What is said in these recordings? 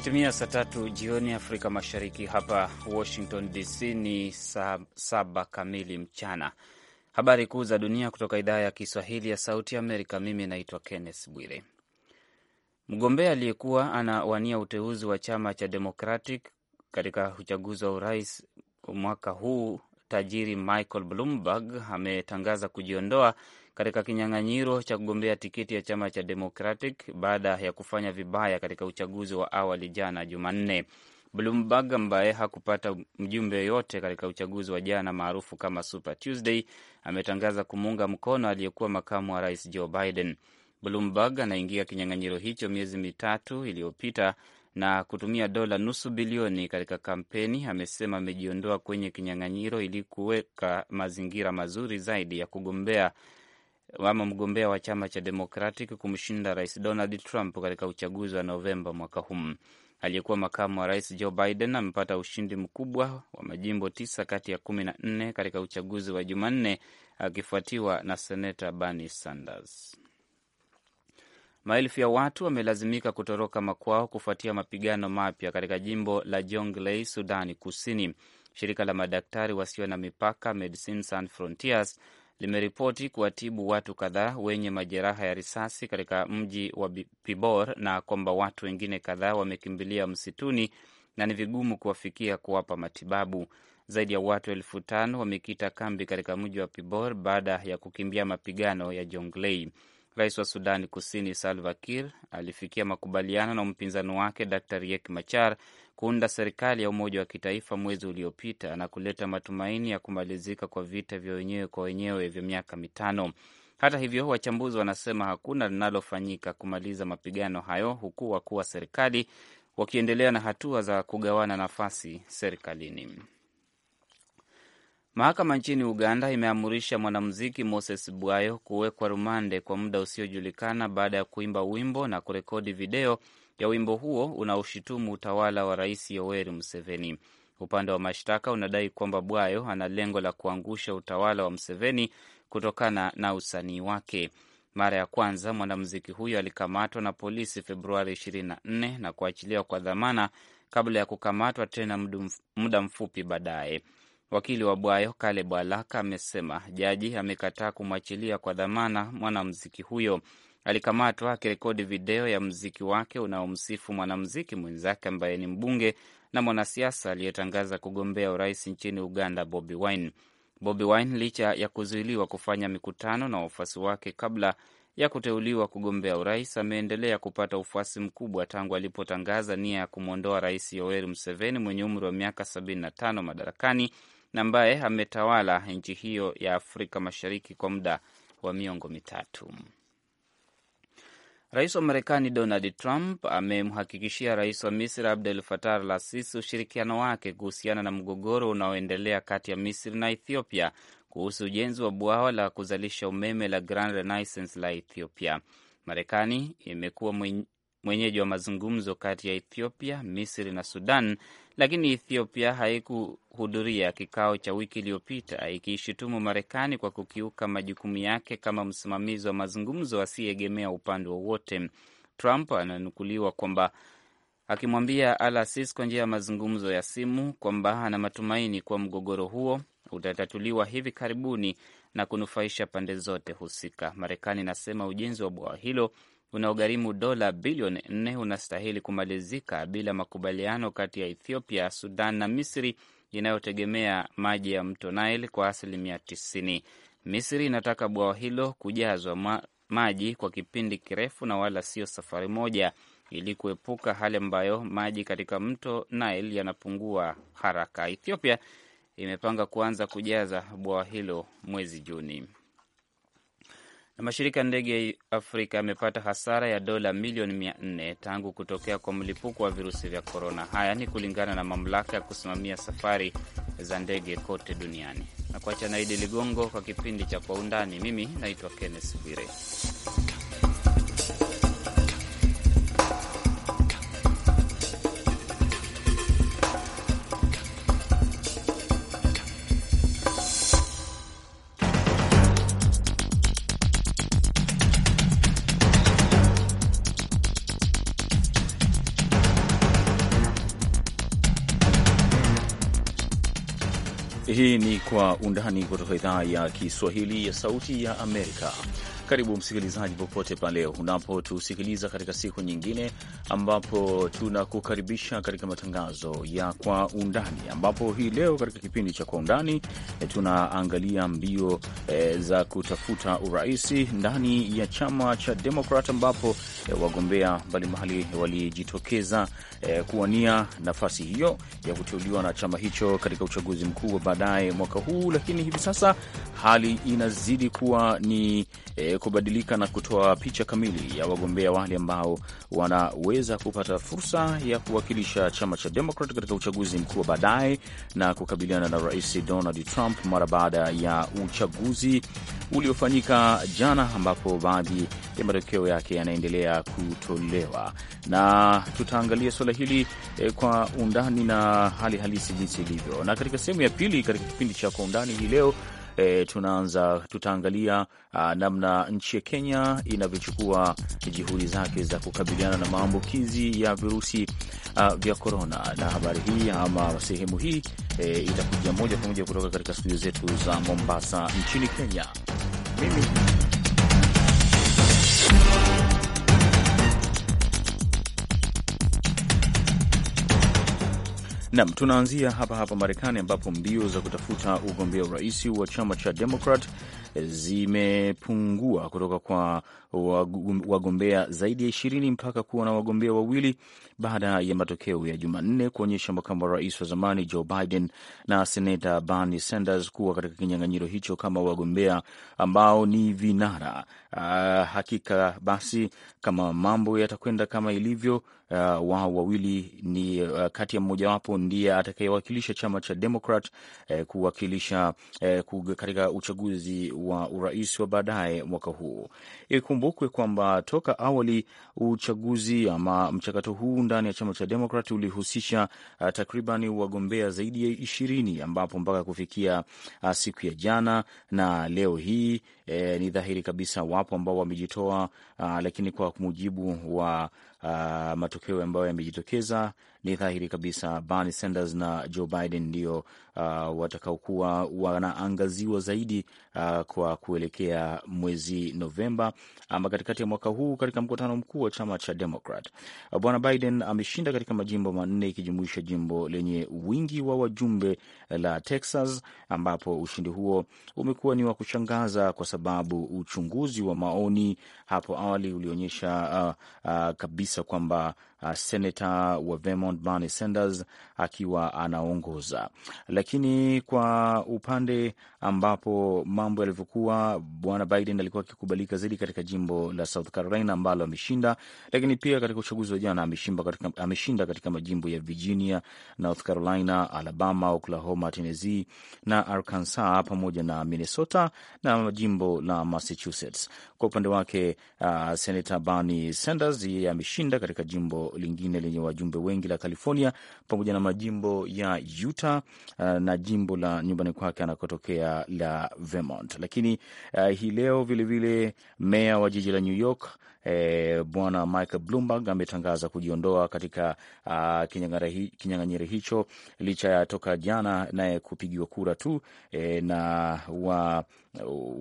Imetimia saa tatu jioni Afrika Mashariki. Hapa Washington DC ni saa saba kamili mchana. Habari kuu za dunia kutoka idhaa ya Kiswahili ya Sauti Amerika. Mimi naitwa Kenneth Bwire. Mgombea aliyekuwa anawania uteuzi wa chama cha Democratic katika uchaguzi wa urais mwaka huu tajiri Michael Bloomberg ametangaza kujiondoa katika kinyang'anyiro cha kugombea tiketi ya chama cha Democratic baada ya kufanya vibaya katika uchaguzi wa awali jana Jumanne. Bloomberg ambaye hakupata mjumbe yoyote katika uchaguzi wa jana maarufu kama Super Tuesday ametangaza kumuunga mkono aliyekuwa makamu wa rais Joe Biden. Bloomberg anaingia kinyang'anyiro hicho miezi mitatu iliyopita na kutumia dola nusu bilioni katika kampeni. Amesema amejiondoa kwenye kinyang'anyiro ili kuweka mazingira mazuri zaidi ya kugombea ama mgombea wa chama cha Democratic kumshinda Rais Donald Trump katika uchaguzi wa Novemba mwaka huu. Aliyekuwa makamu wa rais Joe Biden amepata ushindi mkubwa wa majimbo tisa kati ya kumi na nne katika uchaguzi wa Jumanne, akifuatiwa na seneta Bernie Sanders. Maelfu ya watu wamelazimika kutoroka makwao kufuatia mapigano mapya katika jimbo la Jonglei, Sudani Kusini. Shirika la madaktari wasio na mipaka medicine Sans Frontieres limeripoti kuwatibu watu kadhaa wenye majeraha ya risasi katika mji wa Pibor na kwamba watu wengine kadhaa wamekimbilia msituni na ni vigumu kuwafikia kuwapa matibabu. Zaidi ya watu elfu tano wamekita kambi katika mji wa Pibor baada ya kukimbia mapigano ya Jonglei. Rais wa Sudani Kusini Salva Kiir alifikia makubaliano na mpinzani wake Dr Riek Machar kuunda serikali ya umoja wa kitaifa mwezi uliopita na kuleta matumaini ya kumalizika kwa vita vya wenyewe kwa wenyewe vya miaka mitano. Hata hivyo, wachambuzi wanasema hakuna linalofanyika kumaliza mapigano hayo, huku wakuu wa serikali wakiendelea na hatua za kugawana nafasi serikalini. Mahakama nchini Uganda imeamurisha mwanamuziki Moses Bwayo kuwekwa rumande kwa muda usiojulikana baada ya kuimba wimbo na kurekodi video ya wimbo huo unaoshutumu utawala wa Rais Yoweri Museveni. Upande wa mashtaka unadai kwamba Bwayo ana lengo la kuangusha utawala wa Museveni kutokana na usanii wake. Mara ya kwanza mwanamuziki huyo alikamatwa na polisi Februari 24 na kuachiliwa kwa dhamana kabla ya kukamatwa tena muda mfupi baadaye. Wakili wa Bwayo Kale Bwalaka amesema jaji amekataa kumwachilia kwa dhamana mwanamuziki huyo alikamatwa akirekodi video ya mziki wake unaomsifu mwanamziki mwenzake ambaye ni mbunge na mwanasiasa aliyetangaza kugombea urais nchini Uganda, Bobi Wine. Bobi Wine, licha ya kuzuiliwa kufanya mikutano na wafuasi wake kabla ya kuteuliwa kugombea urais, ameendelea kupata ufuasi mkubwa tangu alipotangaza nia ya kumwondoa Rais Yoweri Museveni mwenye umri wa miaka 75 madarakani na ambaye ametawala nchi hiyo ya Afrika Mashariki kwa muda wa miongo mitatu. Rais wa Marekani Donald Trump amemhakikishia rais wa Misri Abdel Fattah al Sisi ushirikiano wake kuhusiana na mgogoro unaoendelea kati ya Misri na Ethiopia kuhusu ujenzi wa bwawa la kuzalisha umeme la Grand Renaissance la Ethiopia. Marekani imekuwa mwenyeji wa mazungumzo kati ya Ethiopia, Misri na Sudan, lakini Ethiopia haikuhudhuria kikao cha wiki iliyopita ikiishutumu Marekani kwa kukiuka majukumu yake kama msimamizi wa mazungumzo asiyeegemea upande wowote. Trump ananukuliwa kwamba akimwambia Alasis kwa njia ya mazungumzo ya simu kwamba ana matumaini kuwa mgogoro huo utatatuliwa hivi karibuni na kunufaisha pande zote husika. Marekani inasema ujenzi wa bwawa hilo unaogharimu dola bilioni nne unastahili kumalizika bila makubaliano kati ya Ethiopia, Sudan na Misri inayotegemea maji ya mto Nile kwa asilimia tisini. Misri inataka bwawa hilo kujazwa ma maji kwa kipindi kirefu na wala sio safari moja, ili kuepuka hali ambayo maji katika mto Nile yanapungua haraka. Ethiopia imepanga kuanza kujaza bwawa hilo mwezi Juni. Na mashirika ya ndege Afrika yamepata hasara ya dola milioni mia nne tangu kutokea kwa mlipuko wa virusi vya korona. Haya ni kulingana na mamlaka ya kusimamia safari za ndege kote duniani. Na kuacha na Idi Ligongo kwa kipindi cha Kwa Undani. Mimi naitwa Kenneth Bwire. ni Kwa Undani kutoka idhaa ya Kiswahili ya Sauti ya Amerika. Karibu msikilizaji, popote pale unapotusikiliza katika siku nyingine, ambapo tunakukaribisha katika matangazo ya Kwa Undani, ambapo hii leo katika kipindi cha Kwa Undani eh, tunaangalia mbio e, za kutafuta uraisi ndani ya chama cha Demokrat, ambapo e, wagombea mbalimbali walijitokeza e, kuwania nafasi hiyo ya kuteuliwa na chama hicho katika uchaguzi mkuu wa baadaye mwaka huu, lakini hivi sasa hali inazidi kuwa ni e, kubadilika na kutoa picha kamili ya wagombea wale ambao wanaweza kupata fursa ya kuwakilisha chama cha Demokrat katika uchaguzi mkuu wa baadaye na kukabiliana na Rais Donald Trump mara baada ya uchaguzi uliofanyika jana, ambapo baadhi ya matokeo yake yanaendelea kutolewa, na tutaangalia suala hili eh, kwa undani na hali halisi jinsi ilivyo, na katika sehemu ya pili katika kipindi cha kwa undani hii leo e, tunaanza tutaangalia namna nchi ya Kenya inavyochukua juhudi zake za kukabiliana na maambukizi ya virusi a, vya korona, na habari hii ama sehemu hii e, itakuja moja kwa moja kutoka katika studio zetu za Mombasa nchini Kenya. Mimi Nam, tunaanzia hapa hapa Marekani ambapo mbio za kutafuta ugombea urais wa chama cha Demokrat zimepungua kutoka kwa wagombea zaidi ya ishirini mpaka kuwa na wagombea wawili baada ya matokeo ya Jumanne kuonyesha makamu wa rais wa zamani Joe Biden na senata Bernie Sanders kuwa katika kinyang'anyiro hicho kama wagombea ambao ni vinara. Uh, hakika basi, kama mambo yatakwenda kama ilivyo, uh, wao wawili ni uh, kati ya mmojawapo ndiye atakayewakilisha chama cha Democrat eh, kuwakilisha eh, katika uchaguzi wa urais wa baadaye mwaka huu. Ikumbukwe kwamba toka awali uchaguzi ama mchakato huu ndani ya chama cha Demokrat ulihusisha uh, takriban wagombea zaidi ya ishirini ambapo mpaka kufikia uh, siku ya jana na leo hii e, ni dhahiri kabisa wapo ambao wamejitoa, uh, lakini kwa mujibu wa uh, matokeo ambayo yamejitokeza ni dhahiri kabisa Bernie Sanders na Joe Biden ndio uh, watakaokuwa wanaangaziwa zaidi uh, kwa kuelekea mwezi Novemba ama katikati ya mwaka huu katika mkutano mkuu wa chama cha demokrat Bwana Biden ameshinda katika majimbo manne ikijumuisha jimbo lenye wingi wa wajumbe la Texas, ambapo ushindi huo umekuwa ni wa kushangaza kwa sababu uchunguzi wa maoni hapo awali ulionyesha uh, uh, kabisa kwamba Uh, seneta wa Vermont Bernie Sanders akiwa anaongoza. Lakini kwa upande ambapo mambo yalivyokuwa, bwana Biden alikuwa akikubalika zaidi katika jimbo la South Carolina ambalo ameshinda, lakini pia katika uchaguzi wa jana ameshinda katika, ameshinda katika majimbo ya Virginia, North Carolina, Alabama, Oklahoma, Tennessee na Arkansas pamoja na Minnesota na jimbo la Massachusetts. Kwa upande wake uh, senata Bernie Sanders yeye ameshinda katika jimbo lingine lenye wajumbe wengi la California, pamoja na majimbo ya Utah eh, na jimbo la nyumbani kwake anakotokea la Vermont. Lakini uh, hii leo vilevile meya wa jiji la New York E, bwana Michael Bloomberg ametangaza kujiondoa katika kinyang'anyiri kinyang'anyiro hicho licha ya toka jana naye kupigiwa kura tu e, na wa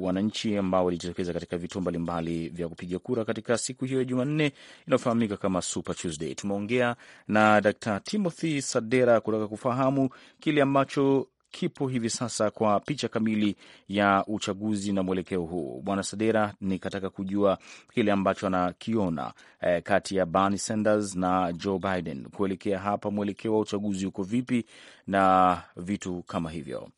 wananchi ambao walijitokeza katika vituo mbalimbali vya kupiga kura katika siku hiyo ya Jumanne inayofahamika kama Super Tuesday. Tumeongea na Dr. Timothy Sadera kutaka kufahamu kile ambacho kipo hivi sasa kwa picha kamili ya uchaguzi na mwelekeo huu. Bwana Sadera, nikataka kujua kile ambacho anakiona eh, kati ya Bernie Sanders na Joe Biden kuelekea hapa, mwelekeo wa uchaguzi uko vipi na vitu kama hivyo.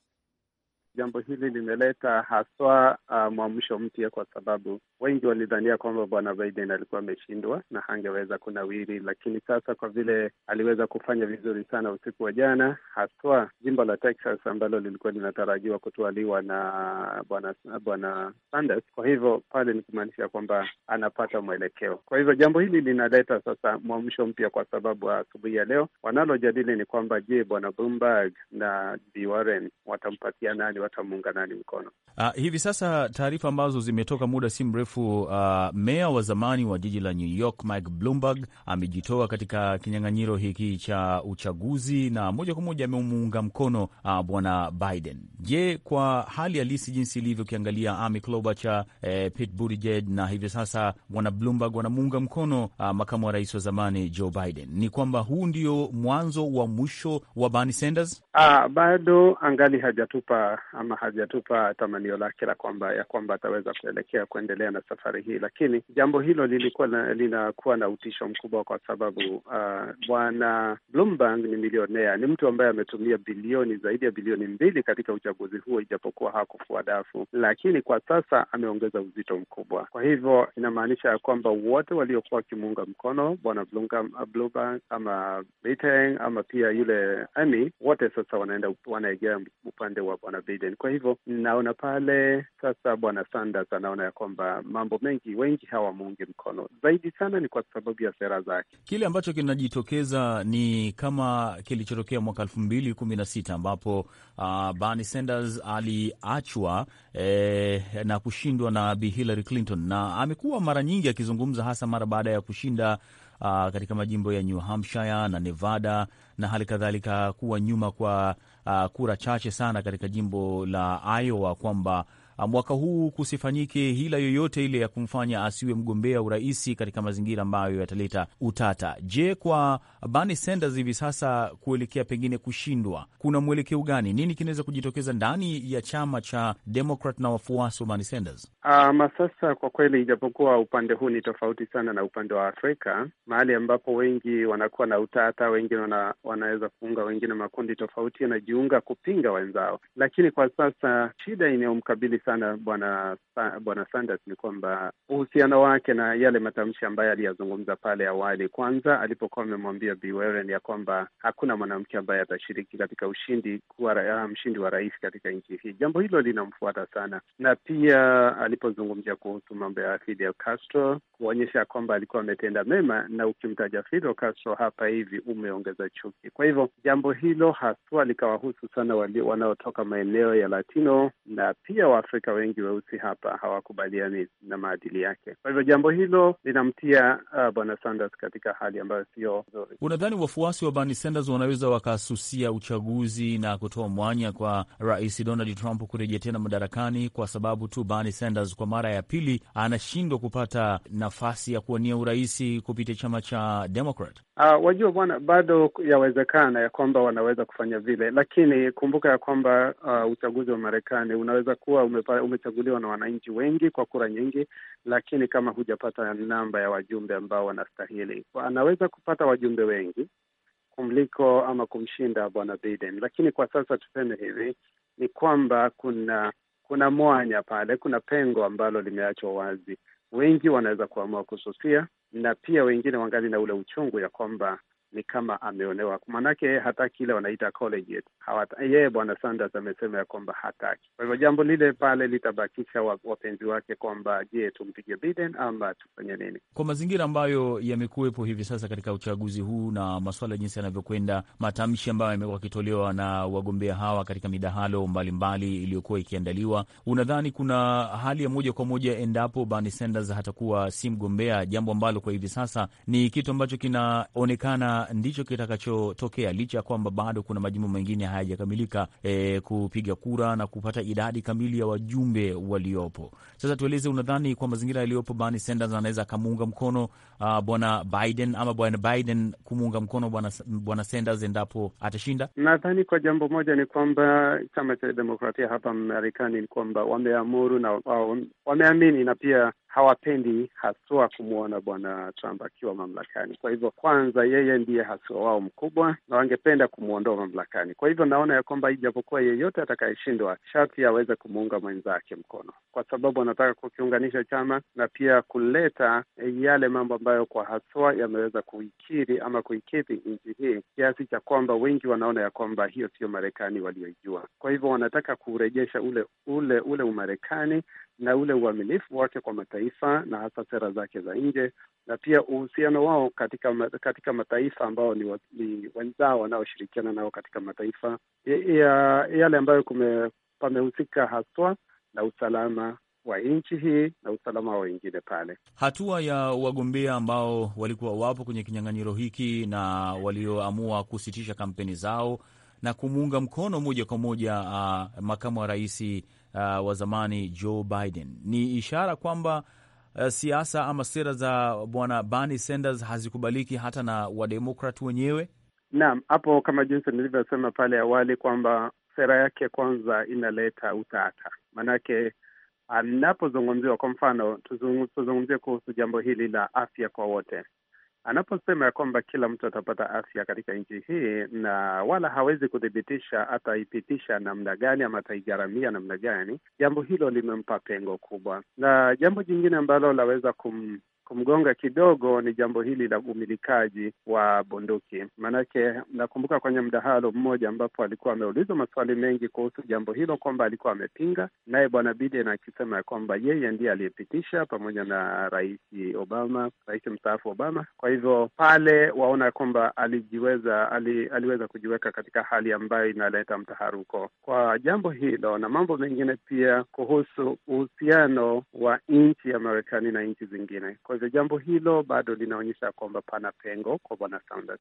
Jambo hili limeleta haswa uh, mwamsho mpya kwa sababu wengi walidhania kwamba bwana Biden alikuwa ameshindwa na hangeweza kunawiri, lakini sasa kwa vile aliweza kufanya vizuri sana usiku wa jana, haswa jimbo la Texas ambalo lilikuwa linatarajiwa kutwaliwa na bwana bwana Sanders. Kwa hivyo pale ni kumaanisha kwamba anapata mwelekeo. Kwa hivyo jambo hili linaleta sasa mwamsho mpya, kwa sababu asubuhi ya leo wanalojadili ni kwamba, je, bwana Bloomberg na Bi Warren watampatia nani, watamuunga nani mkono? Ah, hivi sasa taarifa ambazo zimetoka muda si mrefu maarufu uh, meya wa zamani wa jiji la New York Mike Bloomberg amejitoa katika kinyang'anyiro hiki cha uchaguzi na moja kwa moja amemuunga mkono uh, bwana Biden. Je, kwa hali halisi jinsi ilivyokiangalia Amy Klobuchar, eh, Pete Buttigieg na hivi sasa bwana Bloomberg wanamuunga mkono uh, makamu wa rais wa zamani Joe Biden, ni kwamba huu ndio mwanzo wa mwisho wa Bernie Sanders? Uh, bado angali hajatupa ama hajatupa tamanio lake la kwamba ya kwamba ataweza kuelekea kuendelea na safari hii, lakini jambo hilo lilikuwa na, linakuwa na utisho mkubwa kwa sababu uh, bwana Bloomberg ni milionea, ni mtu ambaye ametumia bilioni zaidi ya bilioni mbili katika uchaguzi huo, ijapokuwa hakufua dafu, lakini kwa sasa ameongeza uzito mkubwa. Kwa hivyo inamaanisha ya kwamba wote waliokuwa wakimuunga mkono bwana Bloomberg ama Biteng, ama pia yule ani, wote sasa wanaenda wanaegea upande wa bwana Biden. Kwa hivyo naona pale sasa bwana Sanders anaona ya kwamba mambo mengi, wengi hawamuungi mkono zaidi sana ni kwa sababu ya sera zake. Kile ambacho kinajitokeza ni kama kilichotokea mwaka elfu mbili kumi na sita ambapo uh, Bernie Sanders aliachwa eh, na kushindwa na Bi Hillary Clinton, na amekuwa mara nyingi akizungumza hasa mara baada ya kushinda Uh, katika majimbo ya New Hampshire na Nevada na hali kadhalika kuwa nyuma kwa uh, kura chache sana katika jimbo la Iowa kwamba Ah, mwaka huu kusifanyike hila yoyote ile ya kumfanya asiwe mgombea urais katika mazingira ambayo yataleta utata. Je, kwa Bernie Sanders hivi sasa kuelekea pengine kushindwa, kuna mwelekeo gani? Nini kinaweza kujitokeza ndani ya chama cha Democrat na wafuasi wa Bernie Sanders? Um, sasa kwa kweli, ijapokuwa upande huu ni tofauti sana na upande wa Afrika, mahali ambapo wengi wanakuwa na utata, wengine wana, wanaweza kuunga wengine, makundi tofauti yanajiunga kupinga wenzao, lakini kwa sasa shida inayomkabili sana bwana bwana Sanders ni kwamba uhusiano wake na yale matamshi ambaye aliyazungumza pale awali, kwanza alipokuwa amemwambia Bi Warren ya kwamba hakuna mwanamke ambaye atashiriki katika ushindi kuwa ah, mshindi wa rais katika nchi hii, jambo hilo linamfuata sana, na pia alipozungumzia kuhusu mambo ya Fidel Castro kuonyesha kwamba alikuwa ametenda mema, na ukimtaja Fidel Castro hapa hivi umeongeza chuki. Kwa hivyo jambo hilo haswa likawahusu sana wanaotoka maeneo ya Latino na pia Waafrika Waafrika wengi weusi hapa hawakubaliani na maadili yake. Kwa hivyo jambo hilo linamtia uh, bwana Sanders katika hali ambayo sio nzuri. Unadhani wafuasi wa Bernie Sanders wanaweza wakasusia uchaguzi na kutoa mwanya kwa Rais Donald Trump kurejea tena madarakani kwa sababu tu Bernie Sanders kwa mara ya pili anashindwa kupata nafasi ya kuwania urahisi kupitia chama cha Democrat? Uh, wajua bwana, bado yawezekana ya kwamba wanaweza kufanya vile, lakini kumbuka ya kwamba uh, uchaguzi wa Marekani unaweza kuwa ume umechaguliwa na wananchi wengi kwa kura nyingi, lakini kama hujapata namba ya wajumbe ambao wanastahili, anaweza kupata wajumbe wengi kumliko ama kumshinda bwana Biden. Lakini kwa sasa tuseme hivi ni kwamba kuna kuna mwanya pale, kuna pengo ambalo limeachwa wazi. Wengi wanaweza kuamua kususia, na pia wengine wangali na ule uchungu ya kwamba ni kama ameonewa, maanake hataki ile wanaita collegiate. Yeye bwana Sanders amesema ya kwamba hataki. Kwa hivyo jambo lile pale litabakisha wapenzi wake kwamba, je, tumpige Biden ama tufanye nini? Kwa mazingira ambayo yamekuwepo hivi sasa katika uchaguzi huu na maswala jinsi yanavyokwenda, matamshi ambayo yamekuwa akitolewa na wagombea hawa katika midahalo mbalimbali iliyokuwa ikiandaliwa, unadhani kuna hali ya moja kwa moja endapo Bernie Sanders hatakuwa si mgombea, jambo ambalo kwa hivi sasa ni kitu ambacho kinaonekana ndicho kitakachotokea, licha ya kwamba bado kuna majimbo mengine hayajakamilika e, kupiga kura na kupata idadi kamili ya wajumbe waliopo. Sasa tueleze, unadhani kwa mazingira yaliyopo, Bernie Sanders anaweza akamuunga mkono uh, bwana Biden ama bwana Biden kumuunga mkono bwana, bwana Sanders endapo atashinda? Nadhani kwa jambo moja ni kwamba chama cha demokratia hapa Marekani ni kwamba wameamuru na wameamini na pia hawapendi haswa kumwona bwana Trump akiwa mamlakani. Kwa hivyo, kwanza yeye ndiye haswa wao mkubwa na wangependa kumwondoa mamlakani. Kwa hivyo, naona ya kwamba ijapokuwa yeyote atakayeshindwa sharti aweze kumuunga mwenzake mkono, kwa sababu anataka kukiunganisha chama na pia kuleta yale mambo ambayo kwa haswa yameweza kuikiri ama kuikidhi nchi hii kiasi cha kwamba wengi wanaona ya kwamba hiyo sio Marekani walioijua. Kwa hivyo, wanataka kurejesha ule ule ule Umarekani na ule uaminifu wake kwa mataifa na hasa sera zake za nje, na pia uhusiano wao katika katika mataifa ambao ni, ni wenzao wanaoshirikiana nao katika mataifa yale ambayo kume, pamehusika haswa na usalama wa nchi hii na usalama wa wengine pale. Hatua ya wagombea ambao walikuwa wapo kwenye kinyang'anyiro hiki na walioamua kusitisha kampeni zao na kumuunga mkono moja kwa moja uh, makamu wa raisi uh, wa zamani Joe Biden. Ni ishara kwamba uh, siasa ama sera za bwana Bernie Sanders hazikubaliki hata na wademokrat wenyewe. Naam, hapo kama jinsi nilivyosema pale awali kwamba sera yake kwanza inaleta utata, maanake anapozungumziwa, kwa mfano tuzungumzie kuhusu jambo hili la afya kwa wote, anaposema ya kwamba kila mtu atapata afya katika nchi hii, na wala hawezi kuthibitisha ataipitisha namna gani ama ataigharamia namna gani, jambo hilo limempa pengo kubwa. Na jambo jingine ambalo laweza kum kumgonga kidogo ni jambo hili la umilikaji wa bunduki. Maanake nakumbuka kwenye mdahalo mmoja ambapo alikuwa ameulizwa maswali mengi kuhusu jambo hilo, kwamba alikuwa amepinga, naye bwana Biden akisema ya kwamba yeye ndiye aliyepitisha pamoja na rais Obama, rais mstaafu Obama. Kwa hivyo pale waona kwamba alijiweza ali, aliweza kujiweka katika hali ambayo inaleta mtaharuko kwa jambo hilo na mambo mengine pia kuhusu uhusiano wa nchi ya Marekani na nchi zingine kwa hivyo jambo hilo bado linaonyesha kwamba pana pengo kwa bwana Sanders.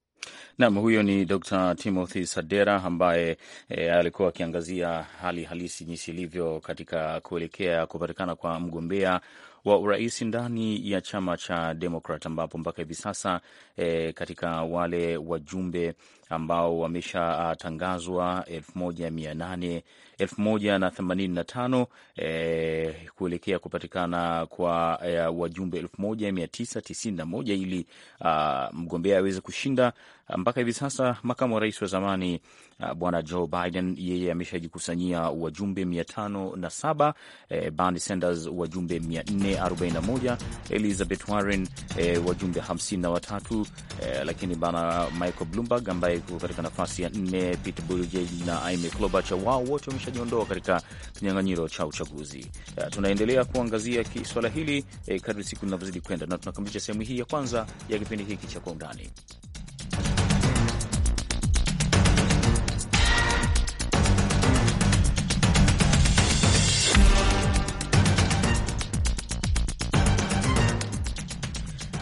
Naam, huyo ni Dr. Timothy Sadera ambaye e, alikuwa akiangazia hali halisi jinsi ilivyo katika kuelekea kupatikana kwa mgombea wa urais ndani ya chama cha Demokrat ambapo mpaka hivi sasa e, katika wale wajumbe ambao wameshatangazwa elfu moja mia nane elfu moja na themanini na tano e, kuelekea kupatikana kwa e, wajumbe elfu moja mia tisa tisini na moja ili a, ah, mgombea aweze kushinda. Mpaka hivi sasa makamu wa rais wa zamani ah, bwana Joe Biden yeye ameshajikusanyia wajumbe mia tano na saba e, Bernie Sanders wajumbe mia nne arobaini na moja Elizabeth Warren e, wajumbe hamsini na watatu e, lakini bana Michael Bloomberg ambaye karibu katika nafasi ya nne, Pitbull Jeji na Aime Klobacha, wao wote wameshajiondoa katika kinyang'anyiro cha uchaguzi. Uh, tunaendelea kuangazia swala hili eh, kadri siku linavyozidi kwenda, na tunakamilisha sehemu hii ya kwanza ya kipindi hiki cha Kwa Undani.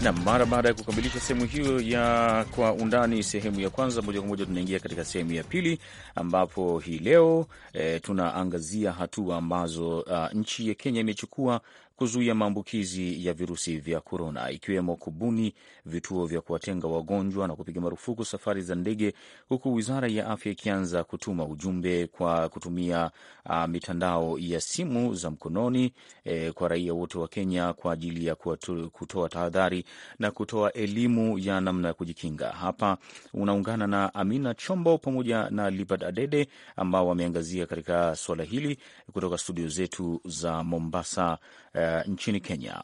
na mara baada ya kukamilisha sehemu hiyo ya kwa undani, sehemu ya kwanza, moja kwa moja tunaingia katika sehemu ya pili, ambapo hii leo e, tunaangazia hatua ambazo a, ah, nchi ya Kenya imechukua kuzuia maambukizi ya virusi vya korona, ikiwemo kubuni vituo vya kuwatenga wagonjwa na kupiga marufuku safari za ndege, huku wizara ya afya ikianza kutuma ujumbe kwa kutumia uh, mitandao ya simu za mkononi eh, kwa raia wote wa Kenya kwa ajili ya kutoa tahadhari na kutoa elimu ya namna ya kujikinga. Hapa unaungana na Amina Chombo pamoja na Libert Adede ambao wameangazia katika suala hili kutoka studio zetu za Mombasa. Eh, nchini Kenya.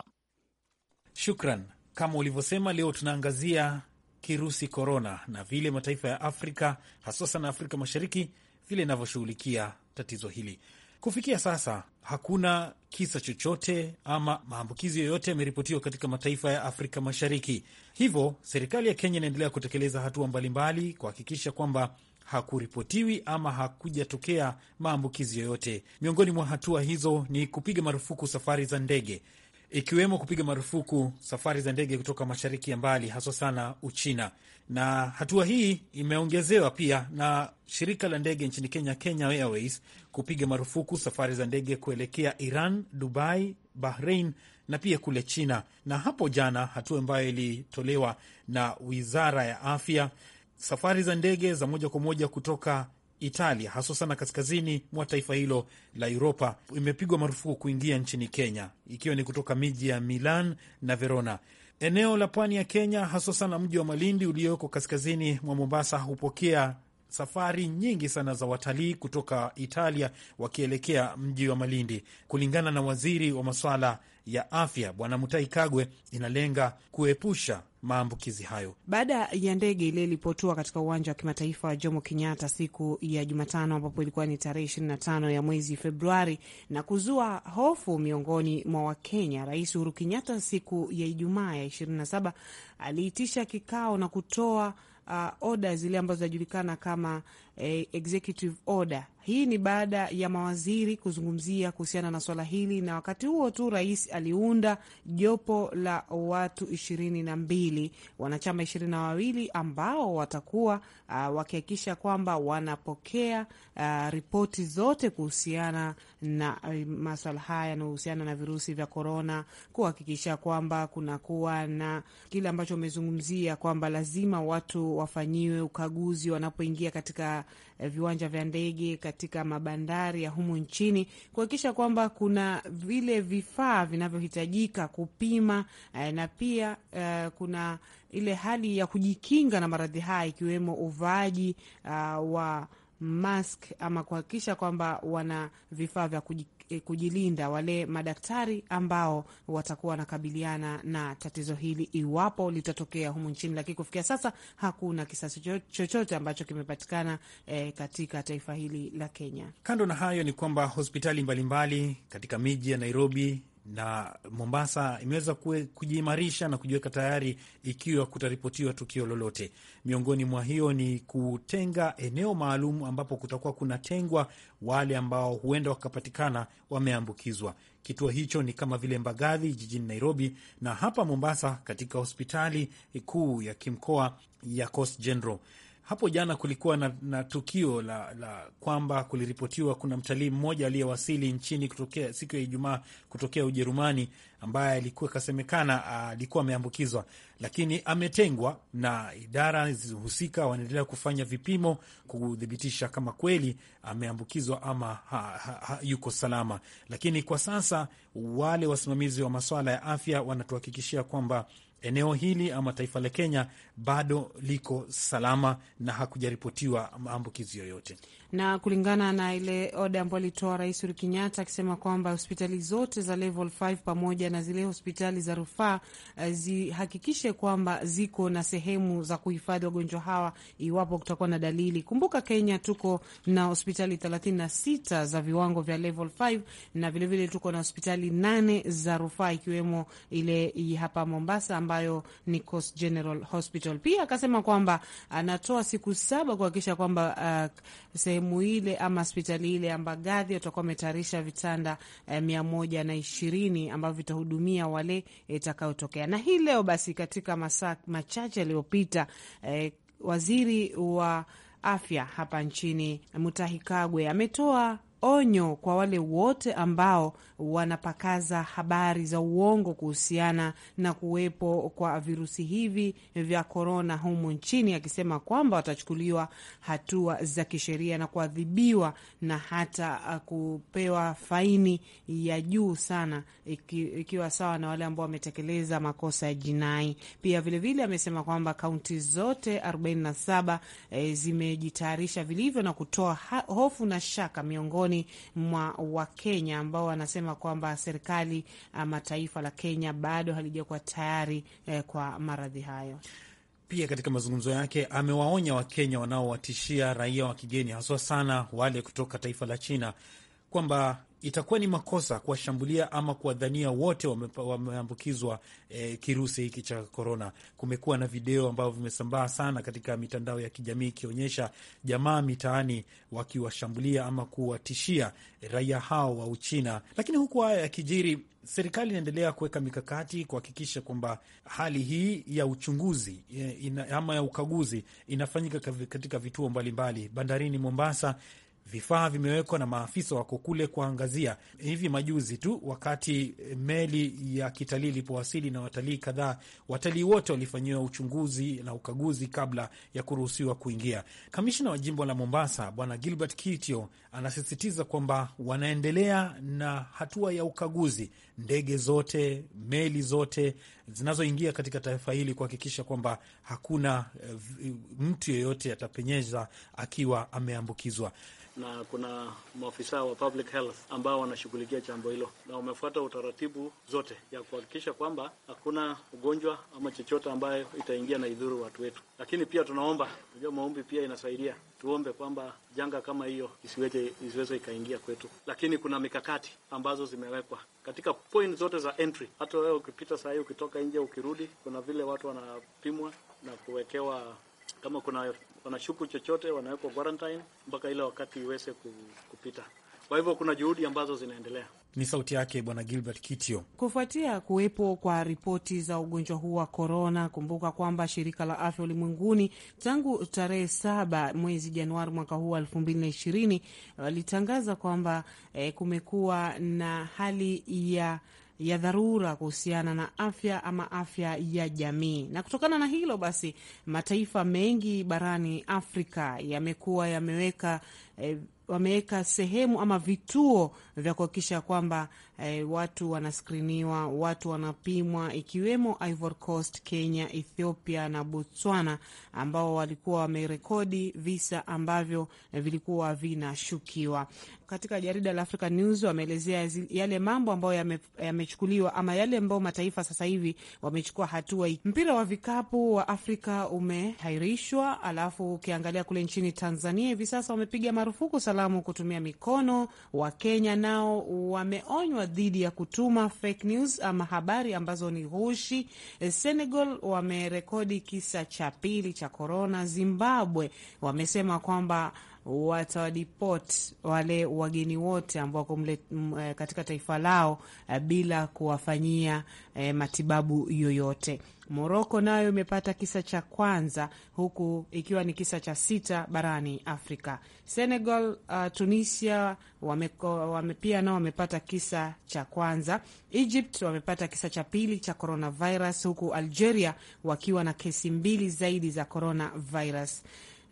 Shukran. Kama ulivyosema, leo tunaangazia kirusi korona na vile mataifa ya Afrika haswa sana Afrika Mashariki vile inavyoshughulikia tatizo hili. Kufikia sasa hakuna kisa chochote ama maambukizi yoyote yameripotiwa katika mataifa ya Afrika Mashariki. Hivyo serikali ya Kenya inaendelea kutekeleza hatua mbalimbali kuhakikisha kwamba hakuripotiwi ama hakujatokea maambukizi yoyote. Miongoni mwa hatua hizo ni kupiga marufuku safari za ndege, ikiwemo kupiga marufuku safari za ndege kutoka mashariki ya mbali, haswa sana Uchina. Na hatua hii imeongezewa pia na shirika la ndege nchini Kenya, Kenya Airways, kupiga marufuku safari za ndege kuelekea Iran, Dubai, Bahrain na pia kule China. Na hapo jana, hatua ambayo ilitolewa na wizara ya afya safari za ndege za moja kwa moja kutoka Italia haswa sana kaskazini mwa taifa hilo la Uropa imepigwa marufuku kuingia nchini Kenya, ikiwa ni kutoka miji ya Milan na Verona. Eneo la pwani ya Kenya haswa sana mji wa Malindi ulioko kaskazini mwa Mombasa hupokea safari nyingi sana za watalii kutoka Italia wakielekea mji wa Malindi, kulingana na waziri wa masuala ya afya Bwana Mutai Kagwe inalenga kuepusha maambukizi hayo. Baada ya ndege ile ilipotua katika uwanja wa kimataifa wa Jomo Kenyatta siku ya Jumatano, ambapo ilikuwa ni tarehe 25 ya mwezi Februari na kuzua hofu miongoni mwa Wakenya, Rais Uhuru Kenyatta siku ya Ijumaa ya saba aliitisha kikao na kutoa uh, oda zile ambazo zinajulikana kama eh, executive order. Hii ni baada ya mawaziri kuzungumzia kuhusiana na swala hili, na wakati huo tu rais aliunda jopo la watu ishirini na mbili wanachama ishirini na wawili ambao watakuwa uh, wakihakikisha kwamba wanapokea uh, ripoti zote kuhusiana na uh, maswala haya yanayohusiana na virusi vya korona, kuhakikisha kwamba kunakuwa na kile ambacho wamezungumzia kwamba lazima watu wafanyiwe ukaguzi wanapoingia katika Eh, viwanja vya ndege, katika mabandari ya humu nchini kuhakikisha kwamba kuna vile vifaa vinavyohitajika kupima eh, na pia eh, kuna ile hali ya kujikinga na maradhi haya ikiwemo uvaaji uh, wa mask ama kuhakikisha kwamba wana vifaa vya eh, kujilinda wale madaktari ambao watakuwa wanakabiliana na tatizo hili iwapo litatokea humu nchini, lakini kufikia sasa hakuna kisasi chochote ambacho kimepatikana eh, katika taifa hili la Kenya. Kando na hayo ni kwamba hospitali mbalimbali mbali, katika miji ya Nairobi na Mombasa imeweza kujiimarisha na kujiweka tayari ikiwa kutaripotiwa tukio lolote. Miongoni mwa hiyo ni kutenga eneo maalum ambapo kutakuwa kunatengwa wale ambao huenda wakapatikana wameambukizwa. Kituo hicho ni kama vile Mbagathi jijini Nairobi na hapa Mombasa katika hospitali kuu ya kimkoa ya Coast General. Hapo jana kulikuwa na, na tukio la, la kwamba kuliripotiwa kuna mtalii mmoja aliyewasili nchini kutokea siku ya Ijumaa kutokea Ujerumani ambaye alikuwa ikasemekana ah, alikuwa ameambukizwa, lakini ametengwa na idara zilizohusika wanaendelea kufanya vipimo kuthibitisha kama kweli ameambukizwa ama ha, ha, ha, yuko salama. Lakini kwa sasa wale wasimamizi wa masuala ya afya wanatuhakikishia kwamba eneo hili ama taifa la Kenya bado liko salama na hakujaripotiwa maambukizi yoyote. Na kulingana na ile oda ambayo alitoa Rais Uhuru Kenyatta akisema kwamba hospitali zote za level 5 pamoja na zile hospitali za rufaa eh, zihakikishe kwamba ziko na sehemu za kuhifadhi wagonjwa hawa iwapo kutakuwa na dalili. Kumbuka Kenya tuko na hospitali 36 za viwango vya level 5 na vilevile vile tuko na hospitali nane za rufaa ikiwemo ile hapa Mombasa amba ambayo ni Coast General Hospital. Pia akasema kwamba anatoa siku saba kuhakikisha kwamba uh, sehemu ile ama hospitali ile ya Mbagathi watakuwa wametayarisha vitanda uh, mia moja na ishirini ambavyo vitahudumia wale itakayotokea. Na hii leo basi, katika masaa machache yaliyopita uh, waziri wa afya hapa nchini Mutahi Kagwe ametoa onyo kwa wale wote ambao wanapakaza habari za uongo kuhusiana na kuwepo kwa virusi hivi vya korona humu nchini, akisema kwamba watachukuliwa hatua za kisheria na kuadhibiwa na hata uh, kupewa faini ya juu sana, iki, ikiwa sawa na wale ambao wametekeleza makosa ya jinai. Pia vilevile vile, amesema kwamba kaunti zote 47 e, eh, zimejitayarisha vilivyo na kutoa ha, hofu na shaka miongoni miongoni mwa Wakenya ambao wanasema kwamba serikali ama ah, taifa la Kenya bado halijakuwa tayari eh, kwa maradhi hayo. Pia katika mazungumzo yake amewaonya Wakenya wanaowatishia raia wa kigeni haswa sana wale kutoka taifa la China kwamba itakuwa ni makosa kuwashambulia ama kuwadhania wote wameambukizwa e, kirusi hiki cha korona. Kumekuwa na video ambavyo vimesambaa sana katika mitandao ya kijamii ikionyesha jamaa mitaani wakiwashambulia ama kuwatishia raia hao wa Uchina. Lakini huku haya yakijiri, serikali inaendelea kuweka mikakati kuhakikisha kwamba hali hii ya uchunguzi eh, ina, ama ya ukaguzi inafanyika katika vituo mbalimbali mbali. Bandarini Mombasa Vifaa vimewekwa na maafisa wako kule kuangazia. Hivi majuzi tu, wakati eh, meli ya kitalii ilipowasili na watalii kadhaa, watalii wote walifanyiwa uchunguzi na ukaguzi kabla ya kuruhusiwa kuingia. kamishina wa jimbo la Mombasa Bwana Gilbert Kitio anasisitiza kwamba wanaendelea na hatua ya ukaguzi ndege zote, meli zote zinazoingia katika taifa hili kuhakikisha kwamba hakuna eh, mtu yeyote atapenyeza akiwa ameambukizwa na kuna maafisa wa public health ambao wanashughulikia jambo hilo, na wamefuata utaratibu zote ya kuhakikisha kwamba hakuna ugonjwa ama chochote ambayo itaingia na idhuru watu wetu. Lakini pia tunaomba, unajua maombi pia inasaidia, tuombe kwamba janga kama hiyo isiweze isiweze ikaingia kwetu. Lakini kuna mikakati ambazo zimewekwa katika point zote za entry. Hata wewe ukipita saa hii, ukitoka nje, ukirudi, kuna vile watu wanapimwa na kuwekewa kama kuna wanashuku chochote, wanawekwa quarantine mpaka ile wakati iweze kupita. Kwa hivyo kuna juhudi ambazo zinaendelea. Ni sauti yake Bwana Gilbert Kitio. Kufuatia kuwepo kwa ripoti za ugonjwa huu wa korona, kumbuka kwamba shirika la afya ulimwenguni tangu tarehe saba mwezi Januari mwaka huu wa elfu mbili na ishirini walitangaza kwamba eh, kumekuwa na hali ya ya dharura kuhusiana na afya ama afya ya jamii. Na kutokana na hilo basi, mataifa mengi barani Afrika yamekuwa yameweka eh, wameweka sehemu ama vituo vya kuhakikisha kwamba eh, watu wanaskriniwa, watu wanapimwa, ikiwemo Ivory Coast, Kenya, Ethiopia na Botswana ambao walikuwa wamerekodi visa ambavyo eh, vilikuwa vinashukiwa katika jarida la Africa News wameelezea yale mambo ambayo yamechukuliwa ya ama yale ambayo mataifa sasa hivi wamechukua hatua. Mpira wa vikapu wa Afrika umehairishwa. Alafu ukiangalia kule nchini Tanzania hivi sasa wamepiga marufuku salamu kutumia mikono. Wakenya nao wameonywa dhidi ya kutuma fake news ama habari ambazo ni ghushi. Senegal wamerekodi kisa cha pili cha korona. Zimbabwe wamesema kwamba watawadipot wale wageni wote ambao wako eh, katika taifa lao eh, bila kuwafanyia eh, matibabu yoyote. Moroko nayo imepata kisa cha kwanza huku ikiwa ni kisa cha sita barani Afrika. Senegal, uh, Tunisia wame, wame pia nao wamepata kisa cha kwanza. Egypt wamepata kisa cha pili cha coronavirus, huku Algeria wakiwa na kesi mbili zaidi za coronavirus.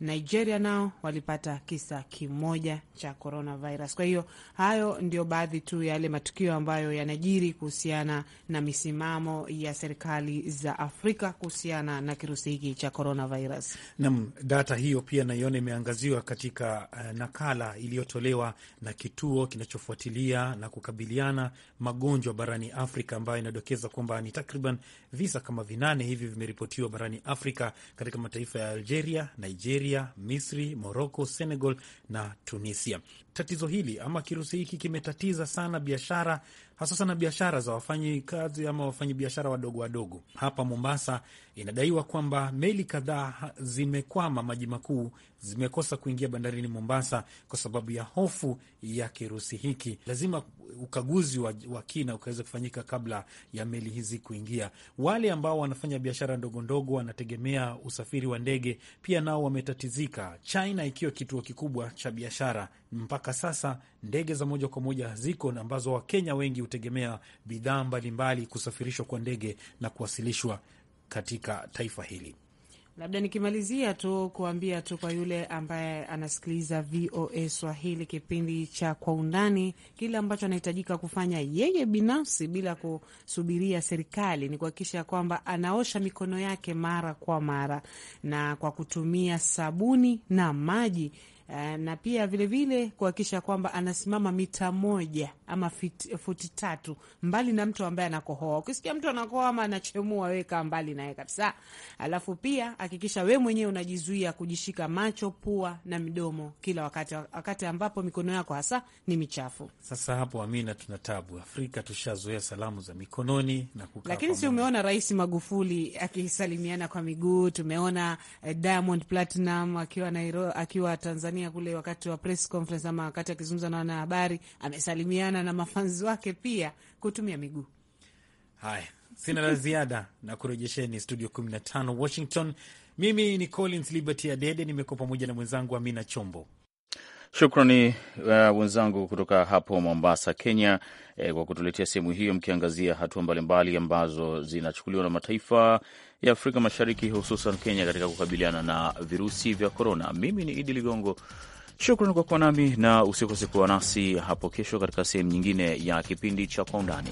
Nigeria nao walipata kisa kimoja cha coronavirus. Kwa hiyo hayo ndio baadhi tu ya yale matukio ambayo yanajiri kuhusiana na misimamo ya serikali za Afrika kuhusiana na kirusi hiki cha coronavirus. Nam, data hiyo pia naiona imeangaziwa katika uh, nakala iliyotolewa na kituo kinachofuatilia na kukabiliana magonjwa barani Afrika ambayo inadokeza kwamba ni takriban visa kama vinane hivi vimeripotiwa barani Afrika katika mataifa ya Algeria, Nigeria, Algeria, Misri, moroco Senegal na Tunisia tatizo hili ama kirusi hiki kimetatiza sana biashara, hasa sana biashara za wafanyikazi ama biashara wadogo wadogo. Hapa Mombasa inadaiwa kwamba meli kadhaa zimekwama maji makuu, zimekosa kuingia bandarini Mombasa kwa sababu ya hofu ya kirusi hiki. Lazima ukaguzi wa, wa kina ukaweza kufanyika kabla ya meli hizi kuingia. Wale ambao wanafanya biashara ndogo ndogo wanategemea usafiri wa ndege, pia nao wametatizika. China ikiwa kituo kikubwa cha biashara mpaka sasa ndege za moja kwa moja ziko na ambazo Wakenya wengi hutegemea bidhaa mbalimbali kusafirishwa kwa ndege na kuwasilishwa katika taifa hili. Labda nikimalizia tu kuambia tu kwa yule ambaye anasikiliza VOA Swahili kipindi cha Kwa Undani, kile ambacho anahitajika kufanya yeye binafsi bila kusubiria serikali ni kuhakikisha kwamba anaosha mikono yake mara kwa mara na kwa kutumia sabuni na maji Eh, na pia vilevile kuhakikisha kwamba anasimama mita moja ama futi tatu mbali na mtu ambaye anakohoa. Ukisikia mtu anakohoa ama anachemua, weka mbali naye kabisa. Alafu pia hakikisha we mwenyewe unajizuia kujishika macho, pua na midomo kila wakati, wakati ambapo mikono yako hasa ni michafu. Sasa hapo, Amina, tuna tabu Afrika, tushazoea salamu za mikononi na kukaa, lakini si umeona Rais Magufuli akisalimiana kwa miguu, tumeona eh, Diamond Platinum akiwa Nairobi, akiwa Tanzania Tanzania kule wakati wa press conference ama wakati akizungumza na wanahabari, amesalimiana na mafanzi wake pia kutumia miguu. Haya, sina la ziada na kurejesheni studio 15 Washington. Mimi ni Collins Liberty Adede, nimekuwa pamoja na mwenzangu Amina Chombo. Shukrani uh, wenzangu uh, kutoka hapo Mombasa, Kenya, eh, kwa kutuletea sehemu hiyo, mkiangazia hatua mbalimbali ambazo zinachukuliwa na mataifa ya Afrika Mashariki, hususan Kenya, katika kukabiliana na virusi vya korona. Mimi ni Idi Ligongo, shukrani kwa kuwa nami na usikose kuwa nasi hapo kesho katika sehemu nyingine ya kipindi cha Kwa Undani.